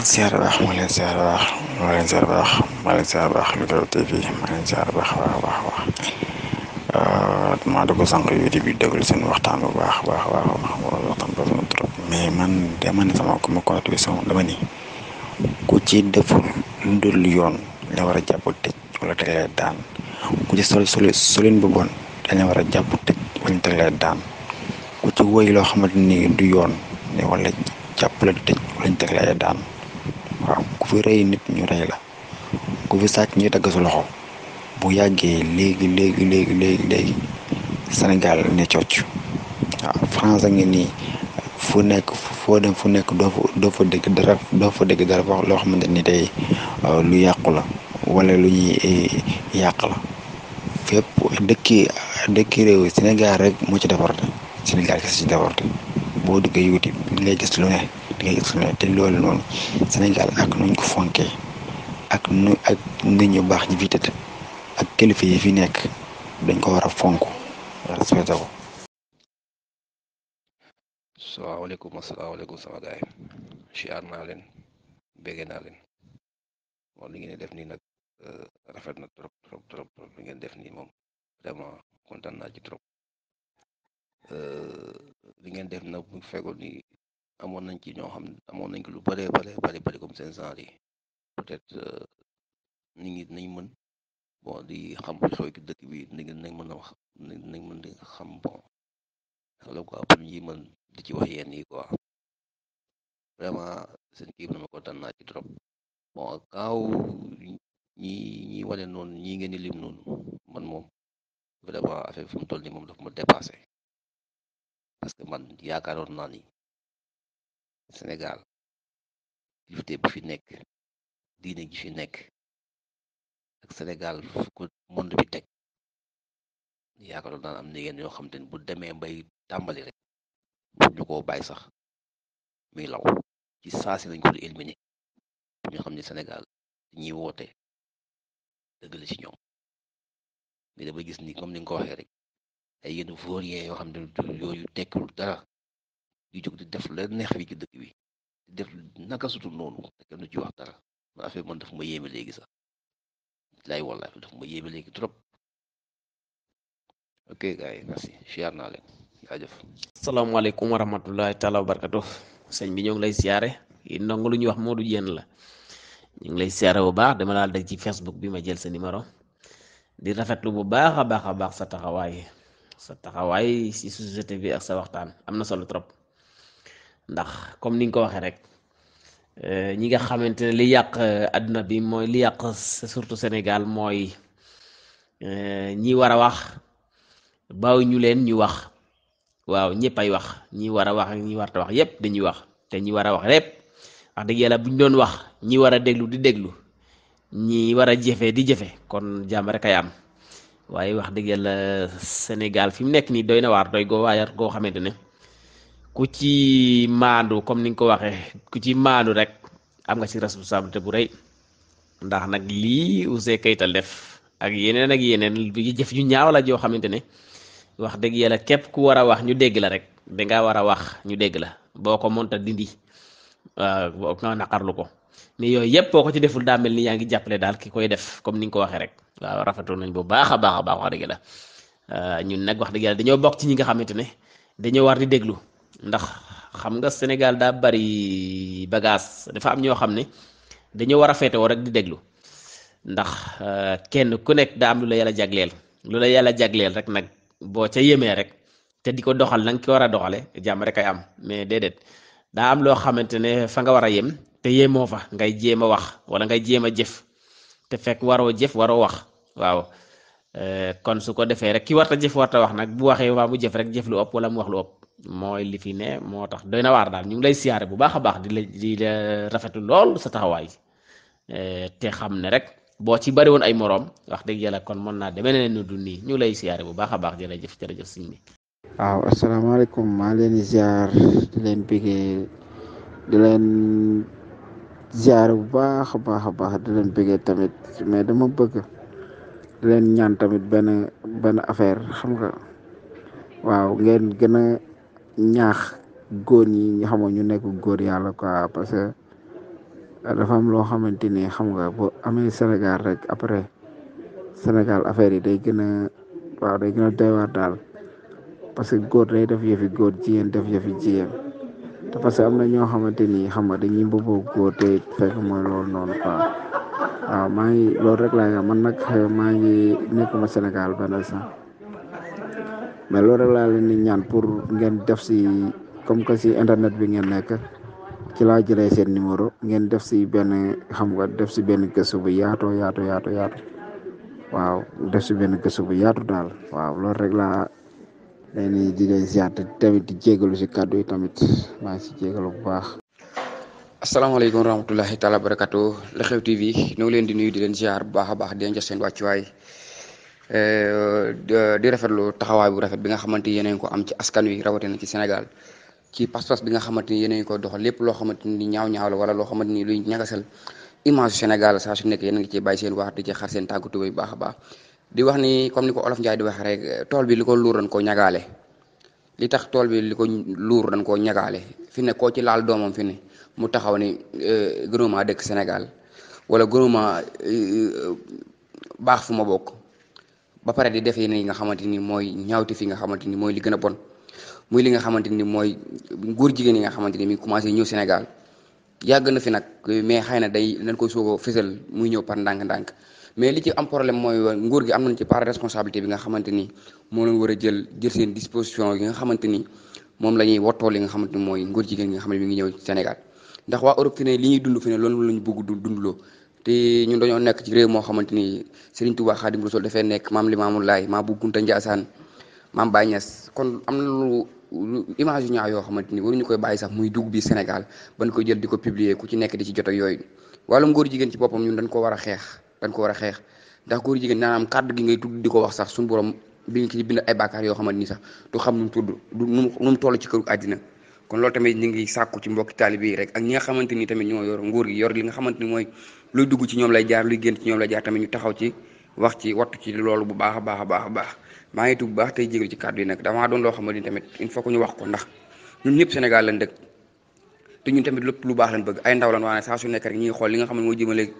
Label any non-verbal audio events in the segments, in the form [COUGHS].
leen siyaar baax maa leen siyaar baax maa leen siyaar baax maa leen siyaar baax Lu waxtaan bu baax baax baax baax waxtaan baax na sama ma contribution dama ni ku ci deful lu yoon la war a jàpp tëj wala teg lay daan ku ci sol soli solin bu bon war a jàpp tëj ku ci woy loo xamante ni du yoon ne wala jàpp la tëj wala teg lay daan ku fi rey nit ñu rey la ku fi sàcc ñuy dagg sa loxo bu yàggee léegi léegi léegi léegi léegi Sénégal ne cocc waaw France a ngi nii fu nekk foo dem fu nekk doo fa doo fa dara doo fa dégg dara loo xamante ni tey euh, lu yàqu la walla lu ñuy eh, yàq la fépp dëkki dëkki réew Sénégal rek moo ci déporté Sénégal kese ci déporté boo duggee YouTube lu ne di ngay te loolu noonu Sénégal ak nuñ ko fonkee ak nu ak nit ñu baax ñi fi ak kilifa yi fi nekk dañ ko war a fonk respecté ko. salaamaaleykum asalaamaaleykum sama gaay ci aar naa leen béggee naa leen moom li ngeen def nii nag a euh, rafet na trop trop trop trop ngeen def nii moom vraiment kontaan naa ci trop euh, li ngeen def nag bu amoon nañ ci ñoo xam amoon nañ ko lu bëree bare bëri pari comme seen genre yi peut-être nit ñi dinañ mën bon di xam lu xew ci dëkk bi dinañ mën a wax dinañ mën di xam bon loolu pour ñi mën di ci wax yenn yi quoi vraiment seen kii bi dama kontaan naa ci trop bon kaw ñi ñi wane noonu ñi ngeen di lim noonu man moom vraiment affaire fi mu toll nii moom dafa ma dépassé parce que man yaakaaroon naa ni Sénégal kilifte bu fi nekk diine gi fi nekk ak Sénégal fu ko monde bi teg yaakaaroon naan am na yenn yoo xam te ne bu demee bay tàmbali rek bu ñu koo bàyyi sax muy law ci saasi lañ ko éliminé bu ñu xam ne Sénégal ñuy woote dëgg la ci ñoom mais dama gis ni comme ni nga ko waxee rek ay yenn vaurien yoo xam ne yooyu tekkul dara di jóg di def la neex fii ci dëkk bi def naka sutul noonu te kenn du ci wax dara ma affaire man daf ma yéeme léegi sax laay wallaay daf ma yéeme léegi trop ok gars yi merci siyaar naa leen jaajëf asalaamaaleykum wa rahmatullahi taala wa barakatu sëñ bi ñoo ngi lay siyaare yi lu ñuy wax Modou Diène la ñu ngi lay siyaare bu baax dama laal deg ci Facebook bi ma jël sa numéro di rafetlu bu baax a baax a baax sa taxawaay sa taxawaay si société bi ak sa waxtaan am na solo trop ndax comme ni nga ko waxee rek euh, ñi nga xamante ne li yàq euh, adduna bi mooy li yàq surtout Sénégal mooy euh, ñi war a wax bawuñu leen ñu wax waaw ñëpp ay wax ñi war a wax ak ñi warta wax yépp dañuy wax te ñi war a wax lépp wax dëgg yàlla bu ñu doon wax ñi war a déglu di déglu ñi war a jëfe di jëfe kon jàmm rek ay am waaye wax dëgg yàlla Sénégal fi mu nekk nii doy na waar doy goo waayar goo xamante ne ku ci maandu comme ni nga ko waxee ku ci maandu rek am nga ci responsabilité bu rëy ndax nag lii Ouzin kayital def ak yeneen ak yeneen bi jëf ñu ñaaw la joo xamante ne wax dëgg yàlla képp ku war a wax ñu dégg la rek dangaa war a wax ñu dégg la boo ko mënta dindi waaw nga naqarlu ko ni yooyu yëpp boo ko ci deful daa mel yaa ngi jàppale daal ki koy def comme ni nga ko waxee rek waaw rafetlu nañ bu baax a baax baax wax dëgg la euh, ñun nag wax dëgg yàlla dañoo bokk ci ñi nga xamante ne dañoo war di déglu. ndax xam nga Sénégal daa bari bagage dafa am ñoo xam ne dañoo war a feetewoo rek di déglu ndax euh, kenn ku nekk daa am lu la yàlla jagleel lu la yàlla jagleel rek nag boo ca yemee rek te di ko doxal na nga ko war a doxale jàmm rek ay am mais déedéet daa am loo xamante ne fa nga war a yem te yemoo fa ngay jéem a wax wala ngay jéem a jëf te fekk waroo jëf waroo wax waaw euh, kon su ko defee rek ki warta jëf warta wax nag bu waxee waa mu jëf rek jëf lu ëpp wala mu wax lu mooy li fi ne moo tax doy na waar daal ñu ngi lay siyaare bu baax a baax di la di rafetu lool sa taxawaay eh, te xam ne rek boo ci bari woon ay moroom wax dëgg yàlla kon mën naa demee ne nu du lay siyaare bu baax a baax jërëjëf jërëjëf sëñ bi. waaw asalaamaaleykum maa leen di ziar di leen bëggee di leen ziar bu baax a baax a baax di leen bëggee tamit mais dama bëgg di leen ñaan tamit benn benn affaire xam nga waaw ngeen gën ñaax góor ñi nga ñu nekk góor yàlla quoi parce que dafa am loo xamante ni xam nga bu amee Sénégal rek après Sénégal affaire yi day gën a waaw day gën a parce que góor day def yëfi góor jigéen def yëfi jigéen te parce que am na ñoo xamante ni xam nga dañuy bëggoo góor te fekk mooy loolu noonu quoi waaw maa ngi loolu rek laa man nag maa ngi nekkuma Sénégal benn sax. mais lool rek laa leen di ñaan pour ngeen def si comme que si internet bi ngeen nekk ci laa jëlee seen numéro ngeen def si benn xam nga def si benn gëstu bu yaatoo yaatu yaato yaatu waaw def si benn gëstu bu yaatu daal waaw loolu rek laa leen di leen ziar tamit di jégalu si kàddu yi tamit maa ngi si jégalu bu baax. asalaamaaleykum wa rahmatulahi taala barakatu la xew TV ñu ngi leen di nuyu di leen ziar bu baax a baax di leen jox seen wàccuwaay. Eh, eh, di rafet rafetlu taxawaay bu rafet bi nga xamante ni yeneen ko am ci askan wi rawatina ci Sénégal ci pas-pas bi nga xamante ni yeneen ko doxal lépp loo xamante ni ñaaw-ñaaw la wala loo xamante ni luy ñagasal image Sénégal saa su nekk yéen ngi ciy bàyyi seen wax di ci xar seen tànku tubéy bu a baax di wax ni comme ni ko Olof Njaay di waxee rek bi li ko luur dañ koo li tax tool bi li ko luur dañ koo ñagaale fi ne koo ci laal doomam fi ne mu taxaw ni eh, gënuma dëkk Sénégal wala gënuma baax fu ma bokk ba pare di def yeneen yi nga xamante ni mooy ñaawte fi nga xamante ni mooy li gën a bon muy li nga xamante ni mooy góor jigéen yi nga xamante ni mi ngi commencé ñëw Sénégal yàgg na fi nag mais xëy na day dañ koy soog a fësal muy ñëw par ndànk-ndànk mais li ci am problème mooy nguur gi am nañ ci part responsabilité bi nga xamante ni moo leen war a jël jël seen disposition yi nga xamante ni moom la ñuy wottoo li nga xamante ni mooy góor jigéen yi nga xam ne mi ngi ñëw Sénégal ndax waa Europe fi ne li ñuy dund fi ne loolu la ñu bëgg dundloo te ñun dañoo nekk ci réew moo xamante ni Serigne Touba Xaadim Rasul dafay nekk maam Limaamu Laay maam bu Gunta Njaasaan maam Baay Ñas kon am na lu image yu ñaaw yoo xamante ni waruñu koy bàyyi sax muy dugg bi Sénégal ba ñu koy jël di ko publier ku ci nekk di ci jot ak yooyu wàllum góor jigéen ci boppam ñun dañ ko war a xeex dañ ko war a xeex ndax góor jigéen naanaam kàddu gi ngay tudd di ko wax sax suñu borom bi ñu ay bàkkaar yoo xamante ni sax du xam nu du nu mu toll ci këru àddina kon loolu tamit ñu ngi sàkku ci mbokki taalibe yi rek ak ñi nga xamante ni tamit ñoo yor nguur gi yor li nga xamante ni mooy lu dugg ci ñoom lay jaar luy génn ci ñoom lay jaar tamit ñu taxaw ci wax ci wattu ci loolu bu baax a baax a baax a baax maa ngi tudd bu baax tey jégalu ci kàddu yi nag damaa doon loo xamante ni tamit il faut ñu wax ko ndax ñun ñëpp Sénégal lañ dëkk te ñun tamit lépp lu baax bëgg ay ndaw lañ waaye su nekk rek ñi xool li nga xam ne moo jëmale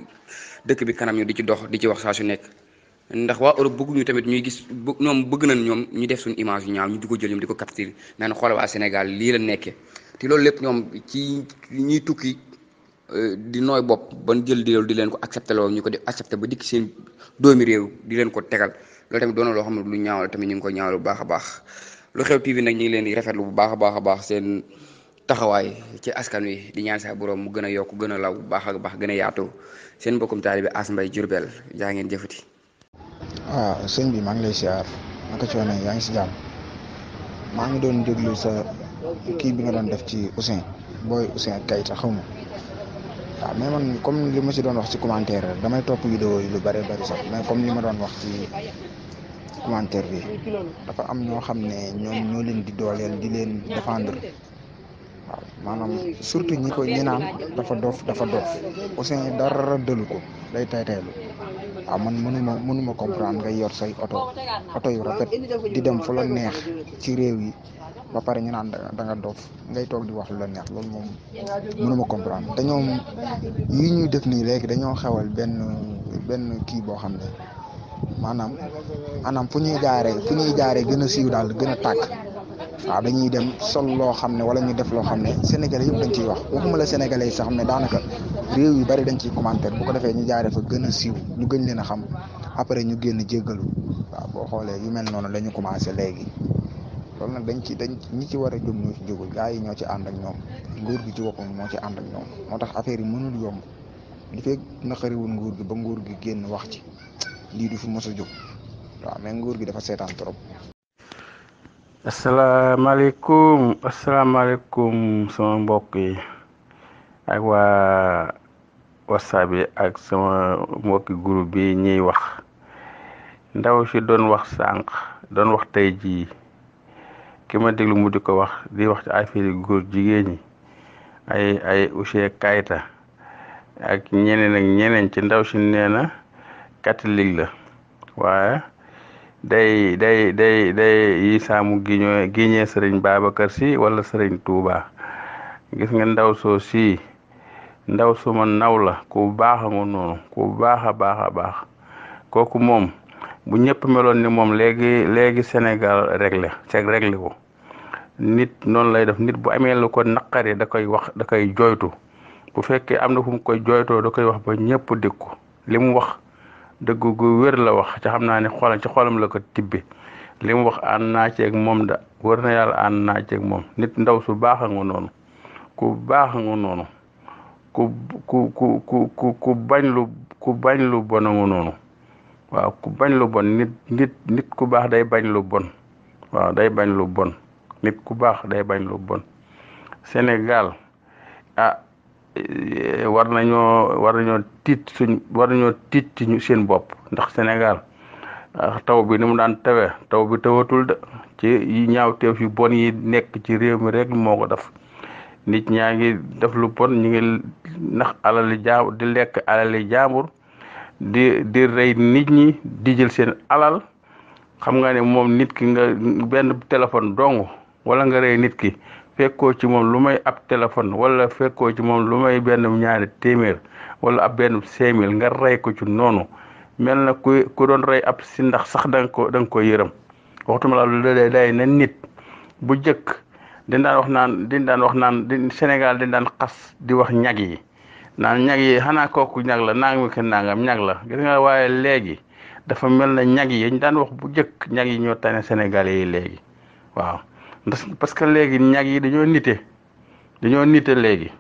dëkk bi kanam ñu di ci dox di ci wax saa su nekk ndax waa Europe bëgguñu tamit ñuy gis ñoom bëgg nañ ñoom ñu def suñu image yu ñaaw ñu di ko jël ñoom di ko capturer naan xool waa Sénégal lii la nekkee te loolu lépp ñoom ci ñuy tukki di nooy bopp ban jël di di leen ko accepté loo ñu ko di accepté ba dikk seen doomi réew di leen ko tegal loolu tamit doon na loo xam ne lu ñaaw la tamit ñu ngi ko ñaawal bu baax a baax lu xew TV nag ñu ngi leen di rafetlu bu baax baax seen taxawaay ci askan wi di ñaan sax mu gën a yokk gën a law bu baax a baax gën a yaatu seen mbokkum taalibe Ass Mbaye jaa ngeen jëfati. waaw ah, sëñ bi maa ngi lay siyaar naka coono yaa ngi si jàmm maa ngi doon déglu sa kii bi nga doon def ci Ousseyn booy Ousseyn Kayta xaw ma waaw mais man comme li ma si doon wax ci commentaire damay topp vidéo yi lu bari bari sax mais comme li ma doon wax ci commentaire bi dafa am ñoo xam ne ñoom ñoo leen di dooleel di leen defendre waaw maanaam surtout ñi ko ñi naan dafa dof dafa dof Ouzin dara dëlu ko day taytaylu waaw man mënuma mënuma comprendre nga yor say oto oto yu rafet di dem fu la neex ci réew yi ba pare ñu naan danga nga ngay toog di wax lu la neex loolu moom mënuma comprendre te ñoom yi ñuy def nii léegi dañoo xewal benn benn kii boo xam ne maanaam maanaam fu ñuy jaaree fu ñuy jaaree gën a siiw daal gën a tàkk waaw dañuy dem sol loo xam ne wala ñu def loo xam ne sénégalais yëpp dañ ciy wax waxuma la yi sax ne daanaka réew yu bari dañ ciy commentaire bu ko defee ñu jaaree fa gën a siiw ñu gën leen a xam après ñu génn jéggalu waaw boo xoolee yu mel noonu dañu ñu commencé léegi loolu nag dañ ci dañ ñi ci war a jóg ñoo ci jógul yi ñoo ci ànd ak ñoom nguur gi ci boppam moo ci ànd ñoom moo tax affaire yi mënul yomb li fekk gi ba nguur gi génn wax ci lii du fi mos a jóg waaw mais nguur gi dafa seetaan trop. asalaamaaleykum asalaamaaleykum sama mbokk yi ak waa WhatsApp yi ak sama mbokki guru bi ñuy wax ndaw si doon wax sànq doon wax tey jii. ki ma déglu mu di ko wax di wax ci affaire góor jigéen ñi ay ay Ouzin Keita ak ñeneen ak ñeneen ci ndaw si nee na catholique la waaye day day day day yi saamu giñoo giñee sëriñ Babacar si wala sëriñ Touba gis nga ndaw soo sii ndaw suma naw la ku baax a noonu ku baax a baax a baax kooku moom bu ñëpp meloon ni moom léegi léegi Sénégal réglé ceg réglé ko nit noonu lay def nit bu amee lu ko naqari da koy wax da koy jooytu bu fekkee am na fu mu koy jooytoo da koy wax ba ñëpp dégg ko li mu wax dëgg gu wér la wax ci xam naa ne xolam ci xolam la ko tibbi li mu wax ànd naa ceeg moom da wër na yàlla ànd naa ceeg moom nit ndaw su baax a nga noonu ku baax a nga noonu ku ku ku ku ku bañ lu ku bon a nga noonu waaw ku bañ lu bon nit nit ku baax day bañ lu bon waaw day bañ lu bon nit ku baax day bañ lu bon Sénégal ah eh, war nañoo war nañoo tiit suñ seen bopp ndax Sénégal ah, taw bi ni mu daan tawe taw bi tawatul de ci teew yu bon yi nekk ci réew mi rek moo ko def nit ñaa ngi def lu bon ñu ngi nax alali jaambur di lekk di di rey nit ñi di jël seen alal xam nga ne moom nit ki nga benn téléphone dong wala nga rey nit ki fekkoo ci moom lu may ab téléphone wala fekkoo ci moom lu may benn ñaari téeméer wala ab benn cinq mille nga rey ko ci noonu mel na ku ku doon rey ab si ndax sax da nga ko da nga yërëm waxtuma la lu day day na nit bu jëkk din daan wax naan din daan wax naan di Sénégal din daan xas di wax ñag yi naan ñag yi xanaa kooku ñag la naa nangam ñag la gis nga waaye léegi dafa mel na ñag yi ñu daan wax bu jëkk ñag yi ñoo tane Sénégalais yi léegi waaw parce que léegi ñag yi dañoo nite dañoo nite léegi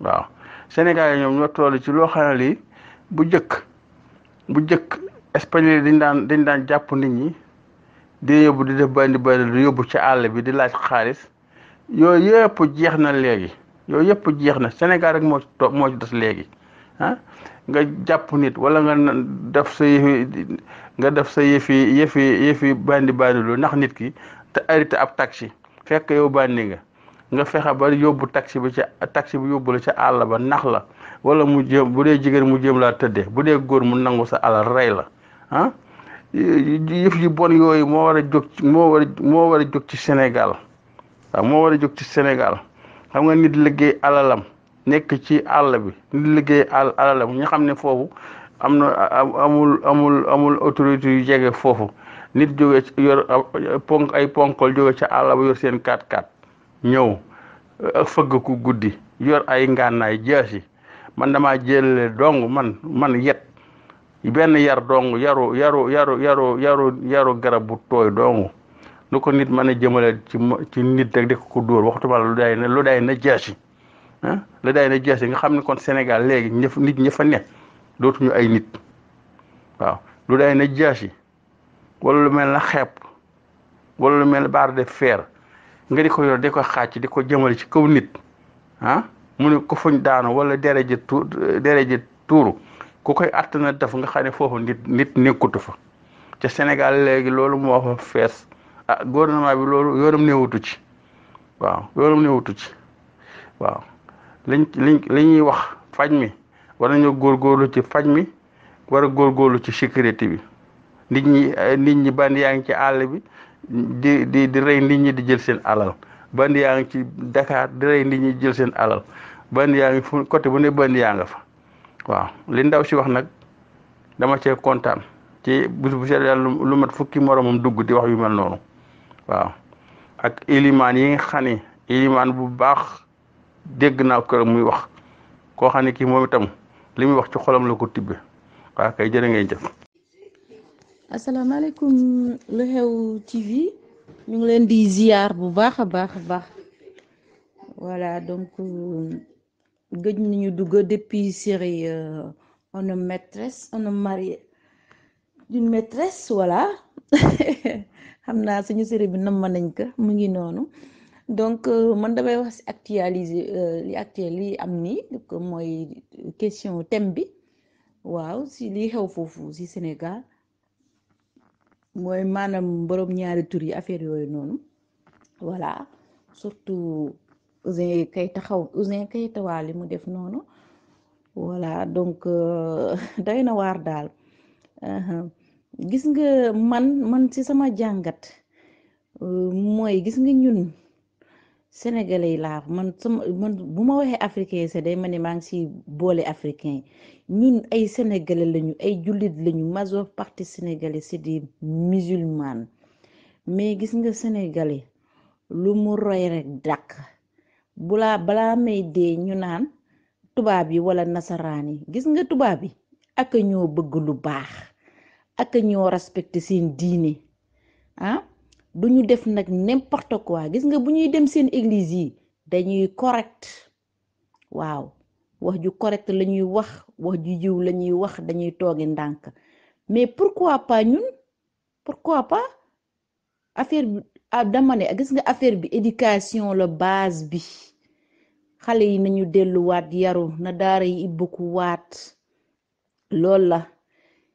waaw Sénégal yi ñoom ñoo toll ci loo xam lii bu jëkk bu jëkk espagnol dañ daan dañ daan jàpp nit ñi di yóbbu di def bandi bandi di yóbbu ci àll bi di laaj xaalis yooyu yëpp jeex na léegi yooyu yëpp jeex na Sénégal rek moo ci moo ci des léegi ah nga jàpp nit wala nga def sa yëfi nga def sa yëfi yëfi yëfi bandi bandi lu ndax nit ki te arrêté ab taxi fekk yow bandi nga nga fexe ba yóbbu taxi bi ca taxi bi yóbbu la ca àll ba nax la wala mu jéem bu dee jigéen mu jéem laa tëddee bu dee góor mu nangu sa alal rey la ah? yëf yu bon yooyu moo war a jóg war a jóg ci Sénégal moo war a jóg ci Sénégal xam nga nit liggéey alalam nekk ci àll bi nit liggéey àll alalam ñu xam ne foofu am na amul amul amul autorité yu jege foofu nit jóge yor ponk ay ponkol jóge ca àll ba yor seen 4-4 ñëw eh, fëgg ku guddi yor ay ngànnaay jees yi man dama jël dong man man yet benn yar dong yaru yaru yaru yaru yaru yaru garab bu tooy dong lu ko nit mën a jëmale ci ci nit rek di ko dóor waxtuma lu day na lu day na jees yi ah, lu day yi nga xam ne kon Sénégal léegi ñëf nit ñëfa ne dootuñu ay nit waaw lu day na jees yi wala lu mel na xepp walla lu mel barre de fer nga di ko yor di ko xàcc di ko jëmale ci kaw nit ah mu ne ko fuñ daanu wala dere ji tu dere ku koy att na def nga xam ne foofu nit nit nekkutu fa ci Sénégal léegi loolu moo fa fees ah gouvernement bi loolu yoonam néewutu ci waaw yoonam néewutu ci waaw liñ wax faj mi war góor góorlu ci faj mi war a góor góorgóorlu ci sécurité bi nit ñi eh, nit ñi bandi yaa ngi ci àll bi di di di rey nit ñi di jël seen alal bandi yaa ngi ci Dakar di rey nit jël seen alal bandi yaa ngi fu côté bu ne bandi yaa nga fa waaw li ndaw si wax nag dama cee kontaan ci bés bu seet lu mat fukki moroomum dugg di wax yu mel noonu waaw ak ilimaan yi xani xam ilimaan bu baax dégg naa kër muy wax koo xam kii moom itam li muy wax ci xolam la ko tibbe waaw kay jërë ngeen jëf asalaamaaleykum lu xew TV ñu ngi leen di ziar bu baax a baax a baax voilà donc gëj nañu dugg depuis série un euh, homme maîtresse un homme marié d'une maîtresse voilà [LAUGHS] xam naa suñu série bi nam ma nañ ko mu ngi noonu donc euh, man damay wax si actualiser euh, li actuel li am nii mooy question thème bi waaw si li xew foofu si Sénégal mooy maanaam borom ñaari tur yi affaire yooyu noonu voilà surtout Ouzin Keita xaw Ouzin Keita waa li mu def noonu voilà donc euh, [LAUGHS] doy na waar daal gis nga man man ci sama jàngat euh, mooy gis nga ñun sénégalais yi laa man sama man bu ma waxee africain sax day ma ne maa boole africain ñun ay sénégalais lañu ay jullit lañu majeure partie sénégalais c'est des musulmans mais gis nga sénégalais lu mu roy rek dàq bulaa balaa may dee ñu naan tubaab yi wala nasaraan yi gis nga tubaab yi ak ñoo bëgg lu baax ak ñoo respecté seen diine ah. du ñu def nag n'importe quoi gis nga bu ñuy dem seen église yi dañuy correct waaw wax ju correct la ñuy wax wax ju jiw la ñuy wax dañuy toogi ndànk mais pourquoi pas ñun pourquoi pas affaire bi ah, dama ne gis nga affaire bi éducation la base bi xale yi nañu delluwaat yaru na daara yi ibbuku waat lool la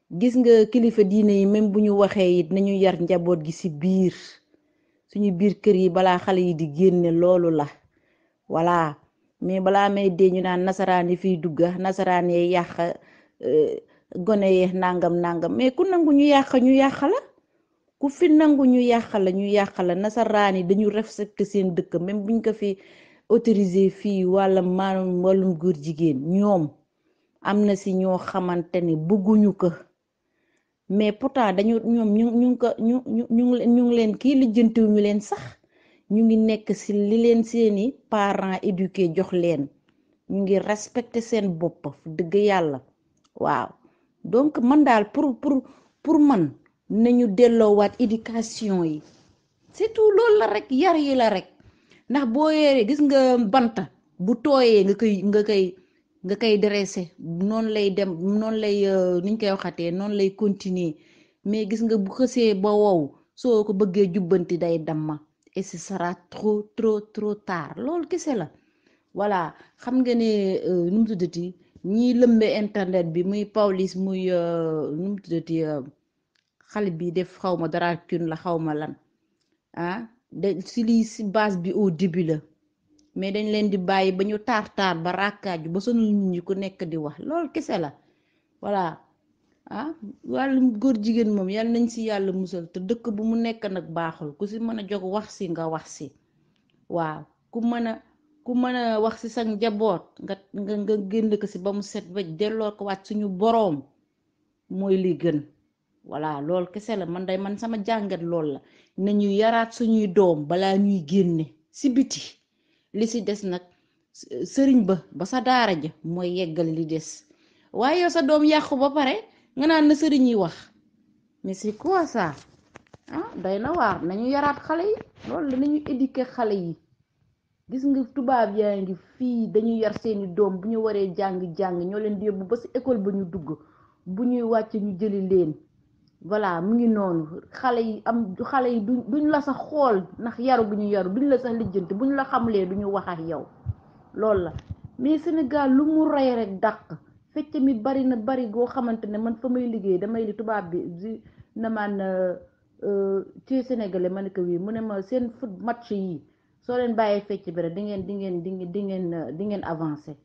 gis nga kilifa diine yi même bu ñu waxee it nañu yar njaboot gi ci biir suñu biir kër yi balaa xale yi di génne loolu la voilà mais balaa may dee ñu naan nasaraan yi fiy dugga nasaraan yi yàq euh, gone yee nangam nangam mais ku nangu ñu yàq ñu yàq la ku fi nangu ñu yàq la ñu yàq la nasaraan yi dañu respecté seen dëkk même buñ ko fi autorisé fii wala maanaam wàllum góor jigéen ñoom am na si ñoo xamante ni bëgguñu ko. mais pourtant dañu ñoom ñu ñu ngi ko ñu ñu ñu ngi leen kii lijjantiw ñu leen sax ñu ngi nekk ci li leen seeni parent éduqué jox leen ñu ngi respecté seen bopp dëgg yàlla waaw donc mën daal pour pour pour man nañu delloowaat éducation yi surtout loolu la rek yar yi la rek ndax boo yoree gis nga bant bu tooyee nga koy nga koy. nga koy dressé noonu lay dem noonu lay euh, ni ñu koy waxatee noonu lay continuer mais gis nga bu xësee ba wow soo ko bëggee jubbanti day damma et ce sera trop trop trop tard loolu kese la voilà xam nga ne euh, nu mu tuddati ñiy lëmbe internet bi muy Pawlish muy euh, nu mu tuddati xale bi def xaw ma dara kun la xaw ma lan ah de si lii si base bi au début la mais dañ leen di bàyyi ba ñu taar taar ba ràkkaaju ba sonal nit ñi ku nekk di wax lool kese la voilà ah wàllum góor jigéen moom yàlla nañ si yàlla musal te dëkk bu mu nekk nag baaxul ku si mën a jóg wax si nga wax si waaw ku mën a ku mën a wax si sa njaboot nga nga nga génn ko si ba mu set ba delloo ko waat suñu boroom mooy li gën voilà loolu kese la man day man sama jàngat lool la nañu yaraat suñuy doom balaa ñuy génne si biti li si des nag sëriñ ba ba sa daara ja mooy yeggal li des waaye sa doom yàqu ba pare nga naan na sëriñ yi wax mais c'est quoi ça ah day na waar nañu yaraat xale yi loolu la nañu éduquer xale yi gis nga tubaab yaa ngi fii dañu yar seeni doom bu ñu waree jàng-jàng ñoo leen di yóbbu ba si école ba ñu dugg bu ñuy wàcc ñu jëli leen voilà mu ngi noonu xale yi am xale yi duñ duñ la sax xool ndax yaru bu ñu yaru duñ la sa lijjanti buñ la xamulee duñu wax ak yow loolu la mais Sénégal lu mu rey rek dàq fecc mi bari na bari goo xamante ne man fa may liggéey damay li tubaab bi di na maan euh, euh, ci sénégalais ma ne wii mu ne ma seen foot match yi soo leen bàyyee fecc bi rek di ngeen di ngeen di di ngeen di ngeen avancé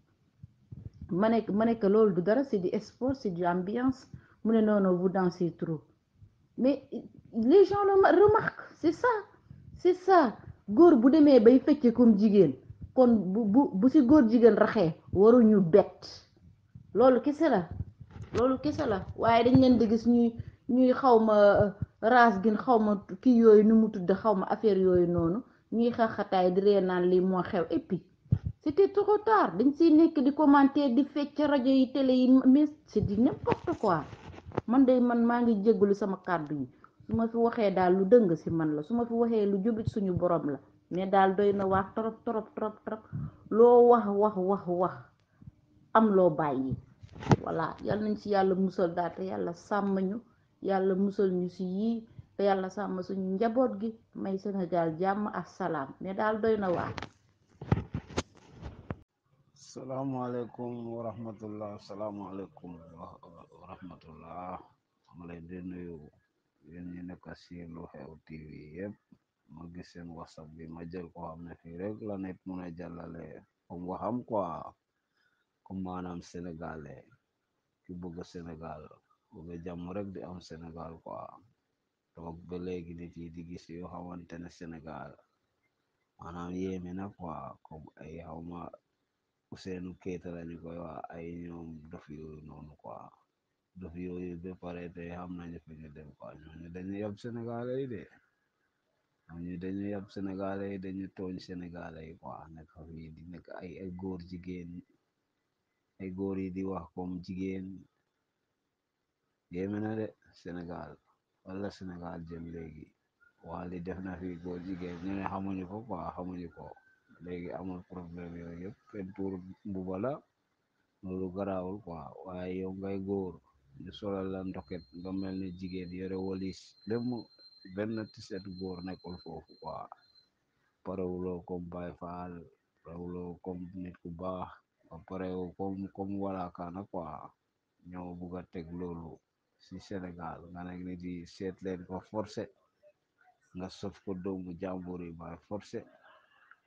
ma nekk ma nekk loolu du dara c'est di sport c'est du ambiance mu ne noonu vous dansez trop mais les gens le remarquent c'est ça c'est ça góor bu demee bay fecce comme jigéen kon bu bu bu si góor jigéen raxee waruñu bett loolu kese la loolu kese la waaye dañ leen di gis ñuy ñuy xawma euh, raas gin xawma kii yooyu nu mu tudd xawma affaire yooyu noonu ñuy xaxataay di ree naan lii moo xew et puis c'était trop tard dañ siy nekk di commenter di fecc rajo yi télé yi mais c'est di n'importe quoi man de man maa ngi jéggalu sama kàddu yi su ma fi waxee daal lu dëng ci man la su ma fi waxee lu jubit suñu borom la mais daal doy na waar trop trop trop trop loo wax wax wax wax am loo bàyyi voilà yal nañ ci yàlla musal daal te yàlla sàmm ñu yàlla musal ñu ci yii te yàlla sàmm suñu njaboot gi may Sénégal jàmm ak salaam mais daal doy na waar salaamaaleykum wa rahmatullah salaamaaleykum leen di nuyu yéen ñi nekk ci TV yépp ma gis seen whatsapp bi ma jël ko xam ne fii rek la mu mun a jàllale comme waxam quoi comme maanaam sénégalais ki bëgg Sénégal bëgg jàmm rek di am senegal quoi toog ba léegi nit yi di gis yoo xamante ne Sénégal maanaam yéeme na quoi comme ay xawma Ousseynou Keita lañu koy wax ay noonu dof yooyu ba pare te xam nañu fi ñu dem quoi ñooñu dañu yab Sénégalais yi de ñooñu tooñ Sénégalais yi quoi nekk nekk ay ay góor jigéen ay góor yi di wax comme jigéen yéeme na de senegal wala Sénégal jëm léegi waali def na fi góor jigéen ñu ne xamuñu ko quoi xamuñu ko léegi amul problème yooyu yëpp pentuur mbuba la loolu garaawul quoi waaye yow ngay góor ñu solal la ndoket nga mel ni jigéen yore walis lépp benn tiset góor nekkul foofu quoi parewuloo comme Baay Faal parewuloo comme nit ku baax ba parewu comme comme walaakaana quoi ñoo bugg teg loolu si Sénégal nga nekk nit yi seet nga sof ko doomu jàmbur yi by forcé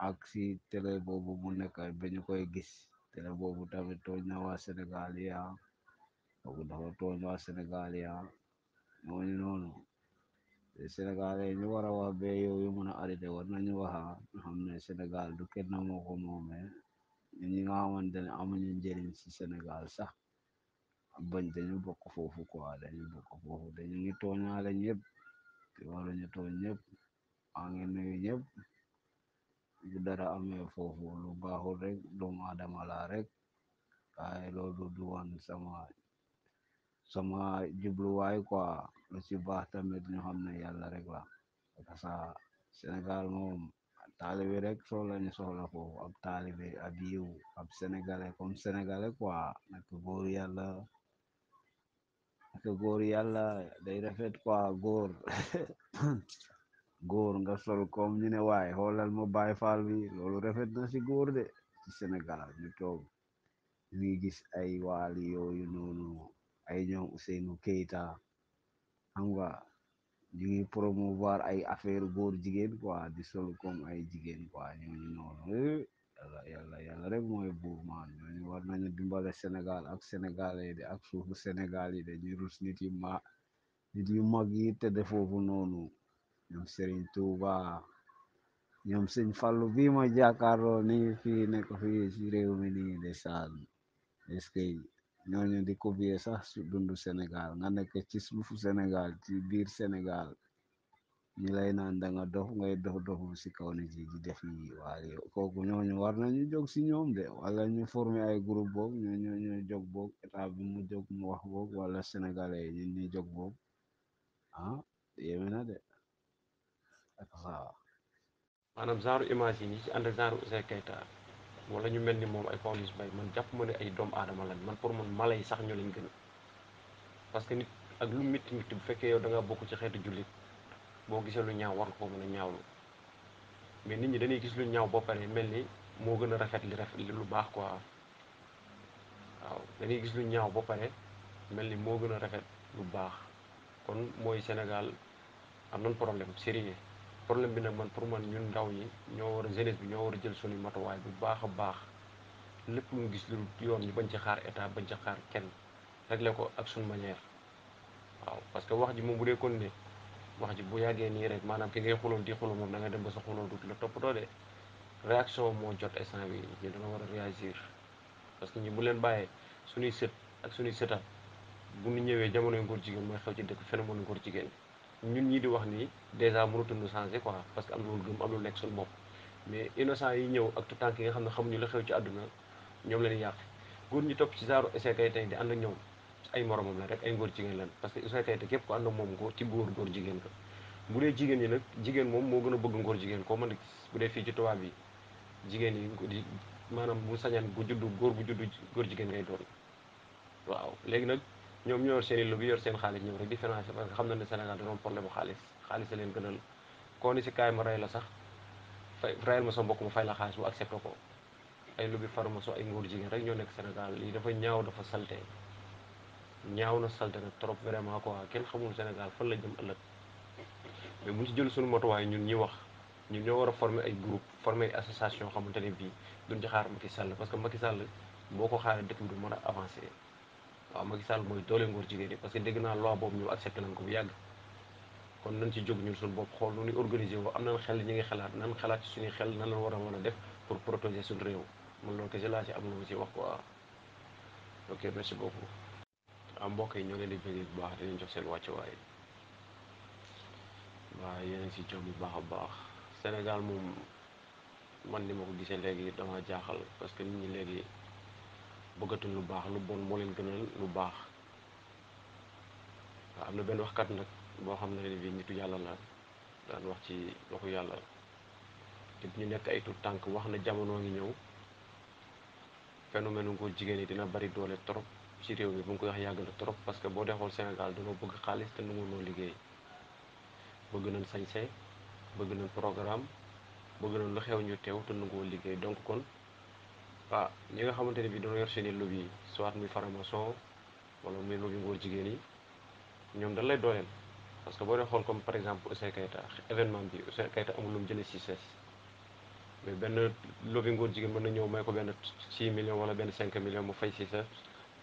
ak si télé boobu mu nekk ba koy gis télé boobu tamit tooñ na waa Sénégal ah. kooku dafa tooñ waa Sénégal ya ñu noonu Sénégal yi ñu war a wax war nañu waxa xam ne Sénégal du kenn moo ko moome ñun ñi nga xamante ne amuñu njëriñ si Sénégal sax bañ dañu bokk foofu quoi dañu bokk foofu dañu ngi tooñaale ñëpp te waruñu tooñ ñëpp maa ngi nuyu ñëpp bu dara amee foofu lu baaxul rek doomu aadama rek waaye loolu du woon sama sama jubluwaay quoi lu ci baax tamit ñu xam ne yàlla rek la parce que Sénégal moom rek soo lañu soxla foofu ab taalibe ab yiw ab sénégalais comme sénégalais quoi nak góor yàlla nak góor yàlla day rafet quoi góor [COUGHS] góor nga sol koom ñu ne waaye xoolal ma Baay Faal bi loolu rafet na ci góor de ci Sénégal ñu toog ñu gis ay waali yooyu noonu ay ñoom Ousseynou Keita xam nga ñu ngi ay affaire góor jigéen quoi di sol comme ay jigéen quoi ñooñu noonu yàlla yàlla yàlla rek mooy buur maan ñooñu war nañu dimbale Sénégal ak sénégalais de ak suufu Sénégal yi de ñu rus nit yu ma nit yu mag yi te noonu ñoom Serigne Touba ñoom sëñ Fallu bii ma jàkkaarloo nii fii nekk fii si réew mi nii ndeysaan est-ce que ñooñu di couvrir sax su dundu Sénégal nga nekk ci suufu Sénégal ci biir Sénégal ñu lay naan da nga dof ngay dof dofu si kaw nit yi di def yi waaye kooku ñooñu war nañu jog si ñoom de wala ñu former ay groupe boog ñooñu ñoo jóg boog état bi mu jóg mu wax boog wala sénégalais yi ñu jóg boog ah yéeme de ak waaw maanaam genre image yi ñi ci ànd genre Ouzin Keita wala ñu mel ni moom ay Pawlish Mbaye man jàpp ma ne ay doom aadama lañ man pour man malay sax ñu lañ gën parce que nit ak lu métti métti bu fekkee yow da ngaa bokk ci xeetu jullit boo gisee lu ñaaw war nga ko mën a ñaawlu mais nit ñi dañuy gis lu ñaaw ba pare mel ni moo gën a rafet li rafet li lu baax quoi waaw dañuy gis lu ñaaw ba pare mel ni moo gën a rafet lu baax kon mooy Sénégal am nañ problème sérieux problème bi nag man pour man ñun ndaw ñi ñoo war a jeunesse bi ñoo war a jël suñu matuwaay bu baax a baax lépp lu gis lu yoon ñi bañ ci xaar état bañ ci xaar kenn réglé ko ak suñu manière waaw parce que wax ji moom bu dee kon ne wax ji bu yàggee nii rek maanaam ki ngay xuloon di xulo moom da nga dem ba sa xuloo dut la toppatoo de réaction moo jot instant bi ñu dana war a réagir parce que ñi bu leen bàyyee suñuy sët ak suñuy sëtaat bu ñu ñëwee jamonoy ngóor jigéen mooy xew ci dëkk phénomène ngóor jigéen ñun ñii di wax nii dèjà mënatuñu changé quoi parce que am na lu gëm am lu nekk suñu bopp mais innocent yi ñëw ak tout tànk ki nga xam ne xamuñu la xew ci àdduna ñoom la ñuy yàq góor ñu topp ci genre Ouzin Keita di ànd ak ñoom ay moromam la rek ay ngóor jigéen lan parce que Ouzin Keita képp ko ànd ak moom ko ci góor góor jigéen ka bu dee jigéen ñi nag jigéen moom moo gën a bëgg ngóor jigéen ko mën a gis bu dee fii ci tubaab yi jigéen yi di maanaam bu sañaan bu juddu góor bu juddu góor jigéen ngay doon waaw léegi nag ñoom ñoo yor seen i lobby yor seen xaalis ñoom rek di financé parce que xam a ma rey la sax fay reyal ma sa mbokk ma fay la xaalis bu accepté ko ay lobby farmaso ay nguur jigéen rek ñoo nekk Sénégal lii dafa ñaaw dafa salte ñaaw na salte na trop vraiment quoi kenn xamul Sénégal fan la jëm ëllëg mais bu ñu jël suñu motuwaay ñun ñi wax ñun ñoo war a former ay group former ay association xamante ne bii duñ ci xaar Macky Sall parce que Macky Sall boo ko xaaree dëkk bi du mën a avancer waaw Macky Sall mooy doole ngóor jigéen yi parce que dégg naa loi boobu ñu accepté ko bu yàgg kon nañ ci jóg ñun suñu bopp xool nu ñuy organisé woo am nañ xel ñi ngi xalaat nan xalaat ci suñuy xel nan la war a mën a def pour protéger suñu réew man loolu kese laa ci am lu ma ci wax quoi ok merci beaucoup am mbokk yi ñoo leen di bëggee bu baax dinañ jox seen wàccuwaay waaw yéen ci jom bu baax a baax Sénégal moom man ni ma ko gisee léegi dama jaaxal parce que nit ñi léegi bëggatul lu baax lu bon moo leen gënal lu baax waaw am na benn waxkat nag boo xam ne bii nitu yàlla la daan wax ci waxu yàlla te ñu nekk ay tuut tànk wax na jamono ngi ñëw phénomène nguur jigéen yi dina bari doole trop ci réew mi bu nga koy wax yàgg na trop parce que boo dee senegal Sénégal dañoo bëgg xaalis te nangu noo liggéey bëgg nañ sañse bëgg nañ programme bëgg nañ lu xew ñu teew te nanguwoo liggéey donc kon ah ñi nga xamante ne bi doon yor seeni lobby yi soit muy faramaçon wala muy lobby ngóor jigéen yi ñoom dañ lay dooleel parce que boo dee xool comme par exemple Ouzin Keita événement bi Ouzin Keita amul lu mu si sees mais benn lobby ngóor jigéen mën na ñëw may ko benn 6 millions wala benn 5 millions mu fay si sees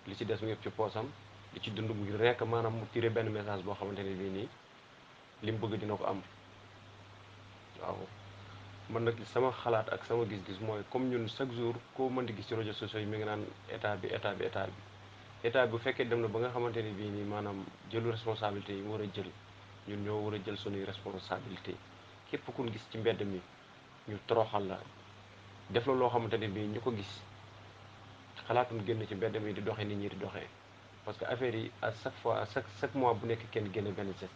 li ci des mu yëpp ci poosam li ci dund mu rekk maanaam mu tiré benn message boo xamante bii nii li mu bëgg dina ko am mën nag sama xalaat ak sama gis-gis mooy comme ñun chaque jour koo mën di gis ci réseaux sociaux yi mi ngi naan état bi état bi état bi état bu fekkee dem na ba nga xamante ni bii nii maanaam jëlu responsabilité yi mu war a jël ñun ñoo war a jël sunuy responsabilité képp kun gis ci mbedd mi ñu toroxal la def la loo xamante ni bii ñu ko gis xalaatuñ génn ci mbedd mi di doxe nit ñu di doxee parce que affaire yi à chaque fois à chaque chaque mois bu nekk kenn génne benn geste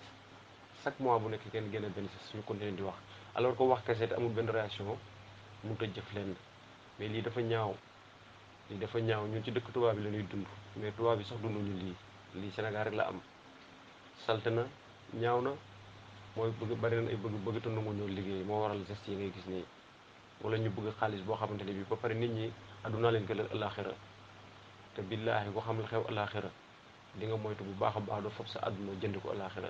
chaque mois bu nekk kenn génne benn geste suñu continuer di wax alors ko wax kese te amul benn réaction mu tëj jëf lenn mais lii dafa ñaaw lii dafa ñaaw ñun ci dëkk tubaab bi la ñuy dund mais tubaab bi sax dunduñu lii lii Sénégal rek la am salte na ñaaw na mooy bëgg bari na ay bëgg bëgg te nangu ñoo liggéey moo waral geste yi ngay gis nii wala ñu bëgg xaalis boo xamante ne bii ba pare nit ñi addunaa leen gëlal alaxira te billaahi ko xam la xew alaxira di nga moytu bu baax a baax doo fab sa àdduna jënd ko alaxira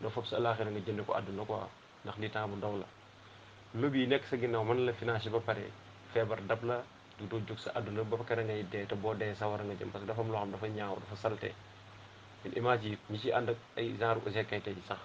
doo sa alaxira nga jënd ko àdduna quoi ndax li temps bu ndaw la lobby yi nekk sa ginnaaw mën la financé ba pare feebar dab la du doo jóg sa àdduna ba kër ngay dee te boo dee sawar a nga jëm parce que dafa am loo xam dafa ñaaw dafa salte image yi ñi ci ànd ak ay genre Ouzin Keita yi sax